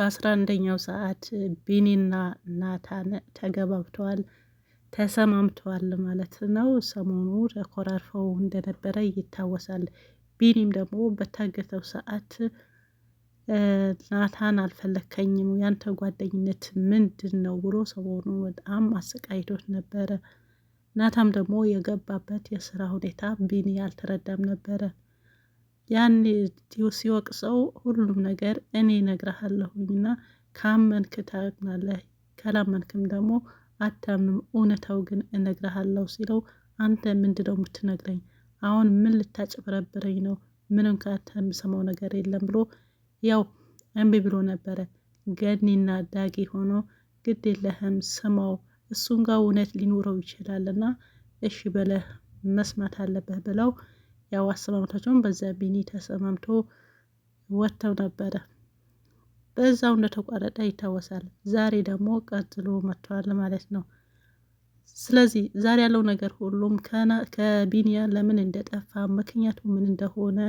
በአስራ አንደኛው ሰዓት ቢኒና ናታን ተገባብተዋል፣ ተሰማምተዋል ማለት ነው። ሰሞኑ ተኮራርፈው እንደነበረ ይታወሳል። ቢኒም ደግሞ በታገተው ሰዓት ናታን አልፈለከኝም፣ ያንተ ጓደኝነት ምንድን ነው ብሎ ሰሞኑ በጣም አሰቃይቶት ነበረ። ናታም ደግሞ የገባበት የስራ ሁኔታ ቢኒ አልተረዳም ነበረ። ሲወቅ ሲወቅሰው ሁሉም ነገር እኔ ነግረሃለሁኝና ካመንክ ታምናለህ፣ ካላመንክም ደግሞ አታምንም፣ እውነታው ግን እነግረሃለሁ ሲለው አንተ ምንድነው የምትነግረኝ? አሁን ምን ልታጭበረብረኝ ነው? ምንም ከአንተ የምሰማው ነገር የለም ብሎ ያው እምቢ ብሎ ነበረ። ገኒና ዳጊ ሆኖ ግድ የለህም ስማው፣ እሱን ጋር እውነት ሊኖረው ይችላልና እሺ በለህ መስማት አለበህ ብለው ያው አሰማምታቸውን በዛ ቢኒ ተሰማምቶ ወጥተው ነበረ። በዛው እንደተቋረጠ ይታወሳል። ዛሬ ደግሞ ቀጥሎ መጥተዋል ማለት ነው። ስለዚህ ዛሬ ያለው ነገር ሁሉም ከቢኒያ ለምን እንደጠፋ ምክንያቱ ምን እንደሆነ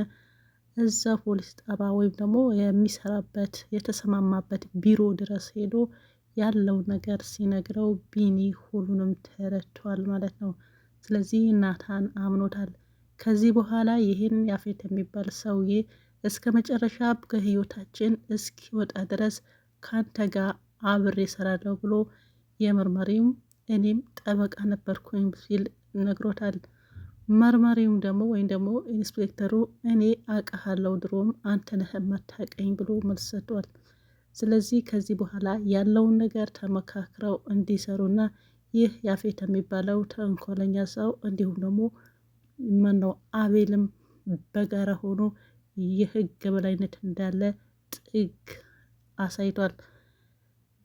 እዛ ፖሊስ ጣባ ወይም ደግሞ የሚሰራበት የተሰማማበት ቢሮ ድረስ ሄዶ ያለው ነገር ሲነግረው ቢኒ ሁሉንም ተረድቷል ማለት ነው። ስለዚህ ናታን አምኖታል። ከዚህ በኋላ ይህን ያፌት የሚባል ሰውዬ እስከ መጨረሻ ከህይወታችን እስኪወጣ ድረስ ከአንተ ጋር አብሬ እሰራለሁ ብሎ የመርማሪውም እኔም ጠበቃ ነበርኩኝ ሲል ነግሮታል። መርማሪውም ደግሞ ወይም ደግሞ ኢንስፔክተሩ እኔ አቀሃለው ድሮም አንተ ነህ የማታውቀኝ ብሎ መልስ ሰጥቷል። ስለዚህ ከዚህ በኋላ ያለውን ነገር ተመካክረው እንዲሰሩና ይህ ያፌት የሚባለው ተንኮለኛ ሰው እንዲሁም ደግሞ ማነው አቤልም በጋራ ሆኖ የህግ በላይነት እንዳለ ጥግ አሳይቷል።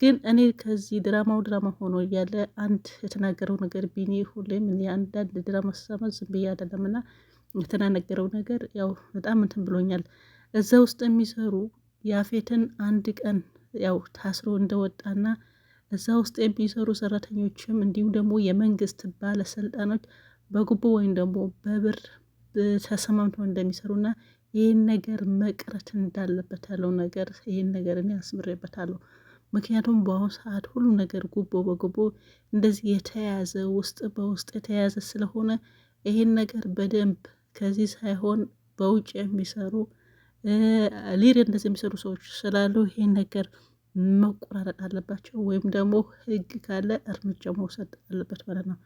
ግን እኔ ከዚህ ድራማው ድራማ ሆኖ እያለ አንድ የተናገረው ነገር ቢኒ ሁሌም እኔ አንዳንድ ድራማ ስሰማ ዝም ብዬ አይደለም እና የተናነገረው ነገር ያው በጣም እንትን ብሎኛል። እዛ ውስጥ የሚሰሩ ያፌትን አንድ ቀን ያው ታስሮ እንደወጣና እዛ ውስጥ የሚሰሩ ሰራተኞችም እንዲሁም ደግሞ የመንግስት ባለስልጣኖች በጉቦ ወይም ደግሞ በብር ተሰማምተው እንደሚሰሩና ይህን ነገር መቅረት እንዳለበት ያለው ነገር ይህን ነገር እኔ አስምሬበታለሁ። ምክንያቱም በአሁኑ ሰዓት ሁሉም ነገር ጉቦ በጉቦ እንደዚህ የተያዘ ውስጥ በውስጥ የተያዘ ስለሆነ ይህን ነገር በደንብ ከዚህ ሳይሆን በውጭ የሚሰሩ ሊር እንደዚህ የሚሰሩ ሰዎች ስላሉ ይህን ነገር መቆራረጥ አለባቸው፣ ወይም ደግሞ ህግ ካለ እርምጃ መውሰድ አለበት ማለት ነው።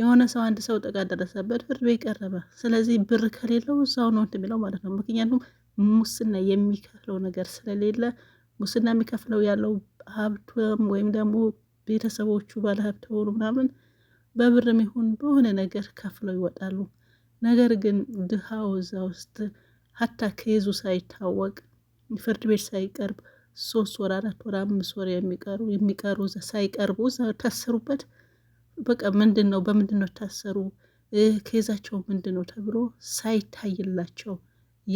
የሆነ ሰው አንድ ሰው ጥቃት ደረሰበት፣ ፍርድ ቤት ቀረበ። ስለዚህ ብር ከሌለው እዛው ነው እንትን የሚለው ማለት ነው። ምክንያቱም ሙስና የሚከፍለው ነገር ስለሌለ ሙስና የሚከፍለው ያለው ሀብቱም ወይም ደግሞ ቤተሰቦቹ ባለሀብት ሆኑ ምናምን በብርም ይሁን በሆነ ነገር ከፍለው ይወጣሉ። ነገር ግን ድሃው እዛ ውስጥ ሀታ ከይዙ ሳይታወቅ ፍርድ ቤት ሳይቀርብ ሶስት ወር አራት ወር አምስት ወር የሚቀሩ የሚቀሩ ሳይቀርቡ ታሰሩበት በቃ ምንድን ነው በምንድን ነው ታሰሩ ከይዛቸው ምንድን ነው ተብሎ ሳይታይላቸው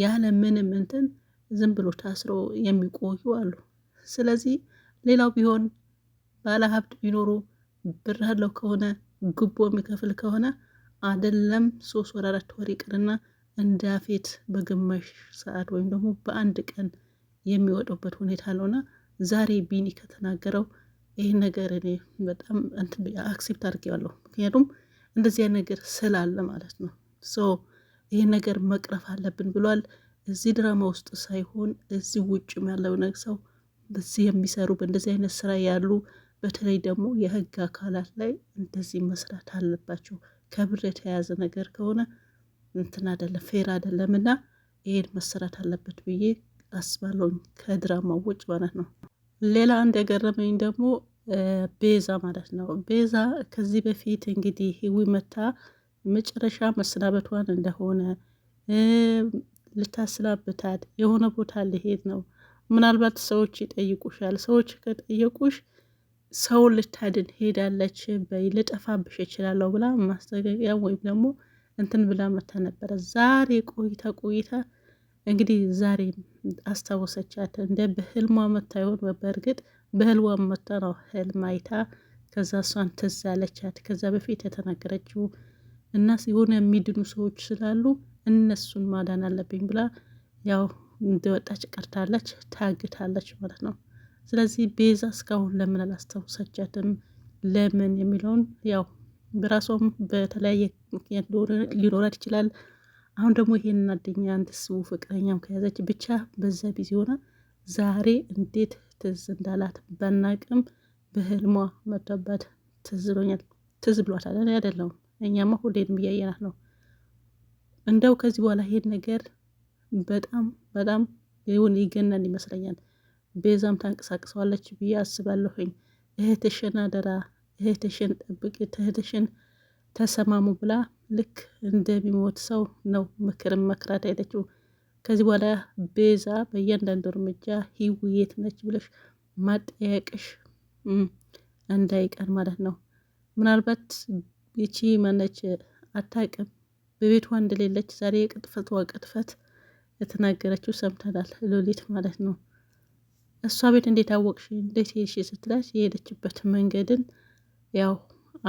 ያለ ምንም እንትን ዝም ብሎ ታስሮ የሚቆዩ አሉ። ስለዚህ ሌላው ቢሆን ባለ ሀብት ቢኖሩ ብር ያለው ከሆነ ጉቦ የሚከፍል ከሆነ አደለም ሶስት ወር አራት ወር ይቅርና እንዳፌት በግማሽ ሰዓት ወይም ደግሞ በአንድ ቀን የሚወጡበት ሁኔታ አለውና ዛሬ ቢኒ ከተናገረው ይህን ነገር እኔ በጣም አክሴፕት አድርጌዋለሁ። ምክንያቱም እንደዚያ ነገር ስላለ ማለት ነው። ሶ ይህን ነገር መቅረፍ አለብን ብሏል። እዚህ ድራማ ውስጥ ሳይሆን እዚህ ውጭም ያለው ሰው እዚህ የሚሰሩ በእንደዚህ አይነት ስራ ያሉ በተለይ ደግሞ የህግ አካላት ላይ እንደዚህ መስራት አለባቸው። ከብር የተያዘ ነገር ከሆነ እንትን አደለም ፌር አደለም እና ይሄን መሰራት አለበት ብዬ አስባለሁኝ። ከድራማው ውጭ ማለት ነው። ሌላ አንድ የገረመኝ ደግሞ ቤዛ ማለት ነው። ቤዛ ከዚህ በፊት እንግዲህ ህዊ መታ መጨረሻ መሰናበቷን እንደሆነ ልታስላብታት የሆነ ቦታ ልሄድ ነው። ምናልባት ሰዎች ይጠይቁሻል። ሰዎች ከጠየቁሽ ሰውን ልታድን ሄዳለች በይ ልጠፋብሽ ይችላለሁ ብላ ማስጠንቀቂያ ወይም ደግሞ እንትን ብላ መታ ነበረ። ዛሬ ቆይታ ቆይታ እንግዲህ ዛሬ አስታወሰቻት እንደ በህልሟ መታ ይሆን በእርግጥ በህልዋም መታ ነው ህልም አይታ ከዛ እሷን ትዝ አለቻት። ከዛ በፊት የተናገረችው እና የሆነ የሚድኑ ሰዎች ስላሉ እነሱን ማዳን አለብኝ ብላ ያው እንደወጣች ቀርታለች፣ ታግታለች ማለት ነው። ስለዚህ ቤዛ እስካሁን ለምን አላስታውሰቻትም ለምን የሚለውን ያው በራሷም በተለያየ ምክንያት ሊኖራት ይችላል። አሁን ደግሞ ይሄን እናደኛ አንድ ስቡ ፍቅረኛም ከያዘች ብቻ በዛ ቢዚ ሆና ዛሬ እንዴት ትዝ እንዳላት በናቅም በህልሟ መጥቶባት ትዝ ብሎኛል። ትዝ ብሏታል። እኔ አይደለሁም እኛማ ሁሌንም እያየናት ነው። እንደው ከዚህ በኋላ ይሄን ነገር በጣም በጣም ይሁን ይገነን ይመስለኛል። ቤዛም ታንቀሳቅሰዋለች ብዬ አስባለሁኝ። እህትሽን አደራ እህትሽን ጠብቅ፣ እህትሽን ተሰማሙ ብላ ልክ እንደሚሞት ሰው ነው ምክርም መክራት አይለችው። ከዚህ በኋላ ቤዛ በእያንዳንዱ እርምጃ ሂዊ የት ነች ብለሽ ማጠያቅሽ እንዳይቀር ማለት ነው። ምናልባት ይቺ ማነች አታቅም በቤቷ እንደሌለች ዛሬ የቅጥፈቷ ቅጥፈት የተናገረችው ሰምተናል። ሎሊት ማለት ነው። እሷ ቤት እንዴት አወቅሽ እንዴት ሄድሽ ስትላት የሄደችበት መንገድን ያው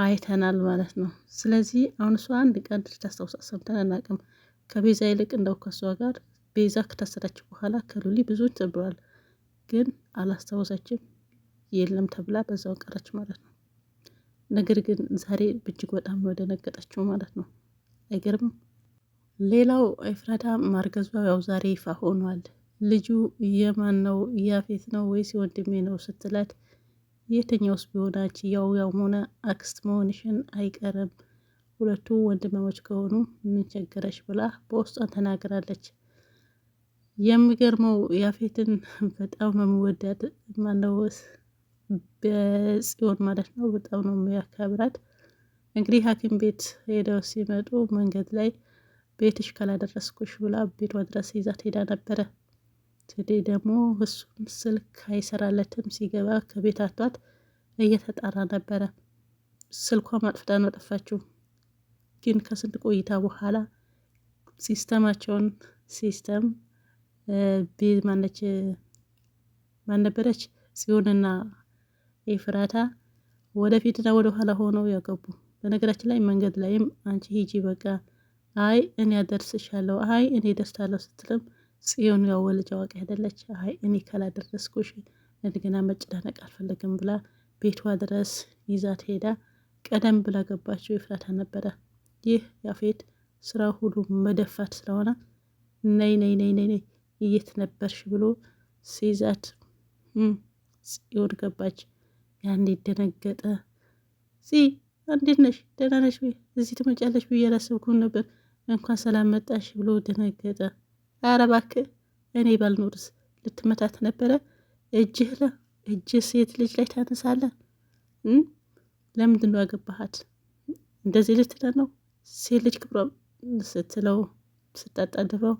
አይተናል ማለት ነው። ስለዚህ አሁን እሷ አንድ ቀን ልታስታውሳ ሰምተን አናቅም። ከቤዛ ይልቅ እንደው ከሷ ጋር ቤዛ ከታሰረች በኋላ ከሉሊ ብዙ ተብሏል፣ ግን አላስታወሰችም የለም ተብላ በዛው ቀረች ማለት ነው። ነገር ግን ዛሬ እጅግ በጣም ወደነገጠችው ማለት ነው። አይገርምም? ሌላው ኤፍራታ ማርገዟ ያው ዛሬ ይፋ ሆኗል። ልጁ የማን ነው ያፌት ነው ወይስ የወንድሜ ነው ስትላት የትኛውስ ቢሆናች ያው ያው ሆነ አክስት መሆንሽን አይቀርም ሁለቱ ወንድማማች ከሆኑ ምን ቸገረሽ ብላ በውስጧን ተናግራለች። የሚገርመው ያፌትን በጣም ነው የሚወዳት በጽዮን ማለት ነው። በጣም ነው የሚያከብራት። እንግዲህ ሐኪም ቤት ሄደው ሲመጡ መንገድ ላይ ቤትሽ ካላደረስኩሽ ብላ ቤቷ ድረስ ይዛት ሄዳ ነበረ። ትዴ ደግሞ እሱም ስልክ አይሰራለትም ሲገባ ከቤት አቷት እየተጣራ ነበረ። ስልኳ ማጥፍታ ነው ጠፋችው። ግን ከስንት ቆይታ በኋላ ሲስተማቸውን ሲስተም ማነች ማን ነበረች ጽዮንና ኤፍራታ ወደፊትና ወደኋላ ሆነው ያገቡ። በነገራችን ላይ መንገድ ላይም አንቺ ሂጂ በቃ አይ እኔ አደርስሻለሁ አይ እኔ ደርሳለሁ ስትልም ጽዮን ያው ወልጅ አዋቂ አይደለች። አይ እኔ ካላደረስኩሽ እንደገና መጨናነቅ አልፈለግም ብላ ቤቷ ድረስ ይዛት ሄዳ ቀደም ብላ ገባችው ይፍራታ ነበረ። ይህ ያፌት ስራ ሁሉ መደፋት ስለሆነ ነይ ነይ ነይ ነይ የት ነበርሽ ብሎ ሲይዛት ጽዮን ገባች። ያኔ ደነገጠ። ሲ እንዴት ነሽ? ደህና ነሽ? እዚህ ትመጫለሽ ብዬ አላሰብኩም ነበር። እንኳን ሰላም መጣሽ ብሎ ደነገጠ። ኧረ እባክህ እኔ ባልኖርስ ልትመታት ነበረ። እጅህ ለ እጅህ ሴት ልጅ ላይ ታነሳለ ለምንድን ነው ያገባሃት? እንደዚህ ልትለን ነው? ሴት ልጅ ክብሮ ስትለው ስታጣድፈው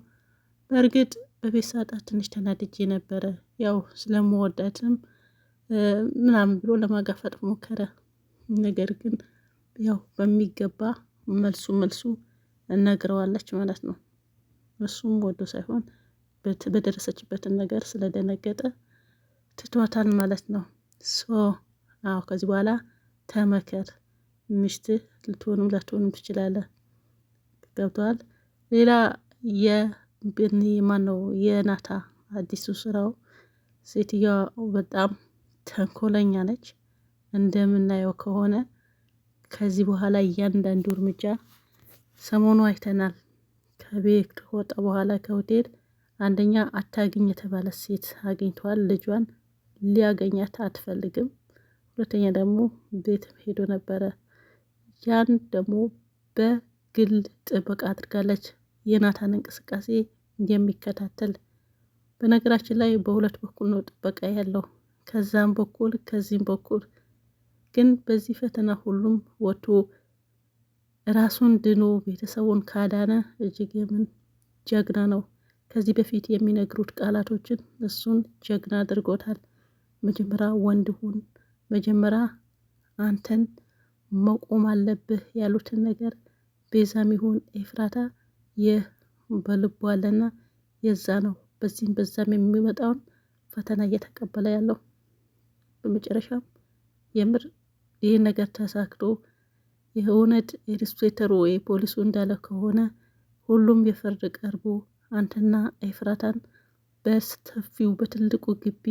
በእርግጥ በቤት ሳጣት ትንሽ ተናድጄ ነበረ። ያው ስለመወዳትም ምናምን ብሎ ለማጋፈጥ ሞከረ። ነገር ግን ያው በሚገባ መልሱ መልሱ እነግረዋለች ማለት ነው። እሱም ወዶ ሳይሆን በደረሰችበትን ነገር ስለደነገጠ ትቷታል ማለት ነው። ሶ አዎ ከዚህ በኋላ ተመከር፣ ሚስትህ ልትሆንም ላትሆንም ትችላለህ። ገብተዋል ሌላ ማነው የናታ አዲሱ ስራው ሴትዮዋ በጣም ተንኮለኛ ነች። እንደምናየው ከሆነ ከዚህ በኋላ እያንዳንዱ እርምጃ ሰሞኑ አይተናል። ከቤት ከወጣ በኋላ ከሆቴል አንደኛ አታግኝ የተባለ ሴት አግኝተዋል። ልጇን ሊያገኛት አትፈልግም። ሁለተኛ ደግሞ ቤት ሄዶ ነበረ። ያን ደግሞ በግል ጥበቃ አድርጋለች። የናታን እንቅስቃሴ የሚከታተል በነገራችን ላይ በሁለት በኩል ነው ጥበቃ ያለው፣ ከዛም በኩል ከዚህም በኩል ግን በዚህ ፈተና ሁሉም ወጥቶ ራሱን ድኖ ቤተሰቡን ካዳነ እጅግ የምን ጀግና ነው። ከዚህ በፊት የሚነግሩት ቃላቶችን እሱን ጀግና አድርጎታል። መጀመሪያ ወንድ ሁን፣ መጀመሪያ አንተን መቆም አለብህ ያሉትን ነገር ቤዛም ይሁን ኤፍራታ ይህ በልቡ አለና የዛ ነው በዚህም በዛም የሚመጣውን ፈተና እየተቀበለ ያለው በመጨረሻም የምር ይህ ነገር ተሳክቶ የእውነት የኢንስፔክተሩ ወይ ፖሊሱ እንዳለ ከሆነ ሁሉም የፍርድ ቀርቦ አንተና ኤፍራታን በስተፊው በትልቁ ግቢ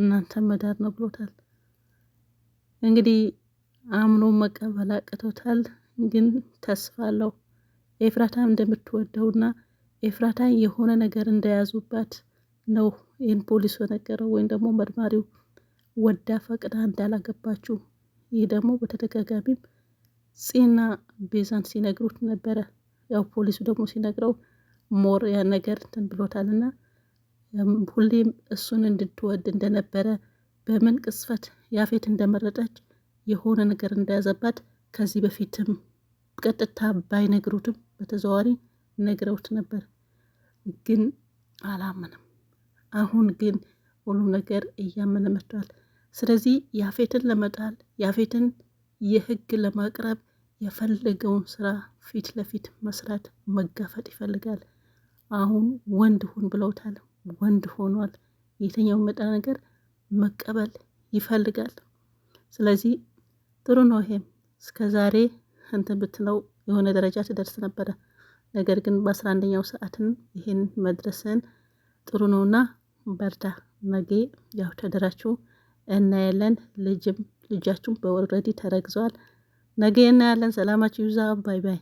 እናንተ መዳር ነው ብሎታል። እንግዲህ አምኖ መቀበል አቅቶታል፣ ግን ተስፋ አለው። ኤፍራታ እንደምትወደውና ኤፍራታ የሆነ ነገር እንደያዙባት ነው ይህን ፖሊሱ በነገረው ወይም ደግሞ መርማሪው ወዳ ፈቅዳ እንዳላገባችው። ይህ ደግሞ በተደጋጋሚም ጽና ቤዛን ሲነግሩት ነበረ። ያው ፖሊሱ ደግሞ ሲነግረው ሞር ያ ነገር እንትን ብሎታል እና ሁሌም እሱን እንድትወድ እንደነበረ በምን ቅስፈት ያፌት እንደመረጠች የሆነ ነገር እንደያዘባት ከዚህ በፊትም ቀጥታ ባይነግሩትም በተዘዋዋሪ ነግረውት ነበር፣ ግን አላመንም። አሁን ግን ሁሉ ነገር እያመነ መጥቷል። ስለዚህ ያፌትን ለመጣል ያፌትን የህግ ለማቅረብ የፈለገውን ስራ ፊት ለፊት መስራት መጋፈጥ ይፈልጋል። አሁን ወንድ ሁን ብለውታል። ወንድ ሆኗል። የተኛው መጣ ነገር መቀበል ይፈልጋል። ስለዚህ ጥሩ ነው። ይሄም እስከ ዛሬ እንትን ብትለው የሆነ ደረጃ ትደርስ ነበረ። ነገር ግን በአስራ አንደኛው ሰዓትን ይህን መድረስን ጥሩ ነውና በርታ። መጌ ያው ተደራችሁ እናያለን። ልጅም ልጃችሁም በወረዲ ተረግዘዋል። ነገ እናያለን። ሰላማችሁ ይብዛ። ባይ ባይ